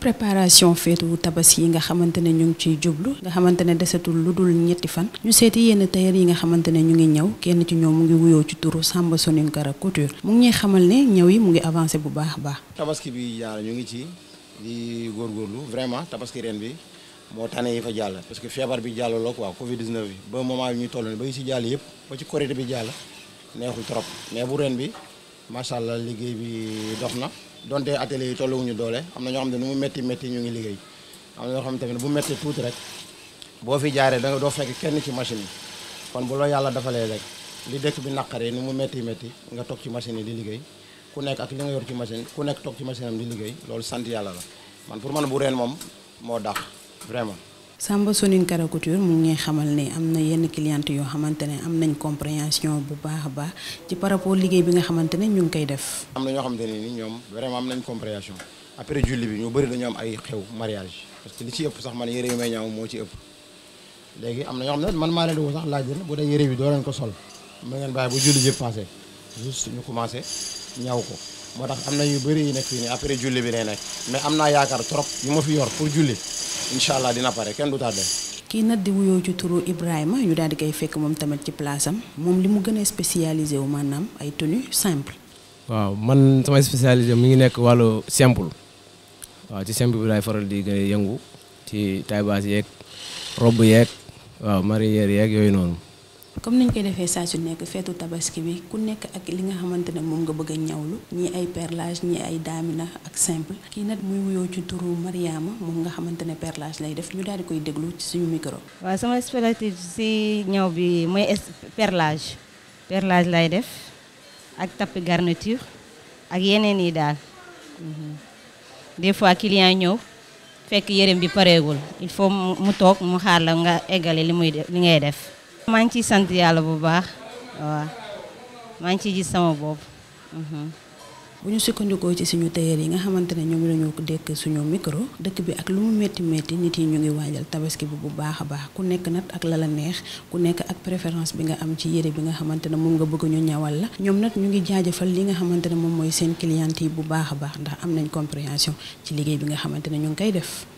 préparation feetu tabaski yi nga xamantene ñu ngi ciy jublu nga xamantene ne desetul lu dul ñetti fan ñu séti yenn tayer yi nga xamantene ñu ngi ñew kenn ci ñoom mu ngi wuyoo ci turu Samba kara Couture mu ngi xamal ne ñew yi mu ngi avancer bu baax baax. tabaski bi yàlla ñu ngi ci di gorlu vraiment tabaski ren bi mo tane yi fa jall parce que fièvre bi jàll la quoi Covid 19 ba moment ñu tollu ba si jall yépp ba ci korité bi jall neexul trop mais bu ren bi machallah bi doxna donte atelier yi tolluwuñu doole am na ñoo xam ne nu mu métti métti ñu ngi liggéey am na ñoo xam tamit bu métti tuuti rek boo fi jaaree da doo fekk kenn ci machine yi kon bu la yàlla dafalee rek li dëkk bi naqaree nu mu métti métti nga toog ci machine yi di liggéey ku nekk ak li nga yor ci machine ku nekk toog ci machine am di liggéey loolu sant yàlla la man pour man bu reen moom moo dàq vraiment Samba Sonin Kara Couture mu ngi xamal ne am na yenn cliente yoo xamante ne am nañ compréhension bu baax a baax ci par rapport liggéey bi nga xamante ne ñu ngi koy def. am na ñoo xamante ne ni ñoom vraiment am nañ compréhension après julli bi ñu bëri dañu am ay xew mariage parce que li ci ëpp sax man yére yu may ñaaw moo ci léegi am na ñoo xam ne man maa leen woo sax laaj leen bu dee yére bi doo leen ko sol mën ngeen bàyyi bu julli jëpp passé juste ñu commencé ñaw ko. moo tax am na yu bëri yu nekk fii nii après julli bi lay nekk mais am naa yaakaar trop yu ma fi yor pour julli incha allah dina pare kenn du tardé. kii nag di wuyoo ci turu Ibrahima ñu daal di koy fekk moom tamit ci place am moom li mu gën a spécialisé wu maanaam ay tenue simple. waaw man sama spécialisé mi ngi nekk walo simple waaw ci simple bi laay faral di gën a yëngu ci taille basse yeeg robe yeek waaw marinière yeeg yooyu noonu. comme nañ koy defee saa su nekk feetu tabaski bi ku nekk ak li nga xamante ne moom nga bëgg a ñawlu ñii ay perlage ñi ay daamina ak simple kii nag muy wuyoo ci turu Mariama moom nga xamante ne perlage lay def ñu daal di déglu ci suñu micro. waaw sama spécialité si ñaw bi mooy perlage lay def ak tapis garniture ak yeneen yi daal mhm. des fois client ñëw fekk yërëm bi pareegul il faut mu toog mu xaar la nga eggale li muy li ngay def. maa ngi ciy sant yàlla bu baax waa maa ngi ciy gis sama boobu mhm. bu ñu sukkandikoo ci suñu tailleur yi nga xamante ne ñoom la ñu dékk suñu micro dëkk bi ak lu mu metti métti nit yi ñu ngi waajal tabaski bi bu baax a baax ku nekk nag ak la neex ku nekk ak préférence bi nga am ci yére bi nga xamante ne moom nga bëgg ñu ñawal la ñoom nag ñu ngi jaajëfal li nga xamante ne moom mooy seen client yi bu baax a baax ndax am nañ compréhension ci liggéey bi nga xamante ne ñu ngi koy def.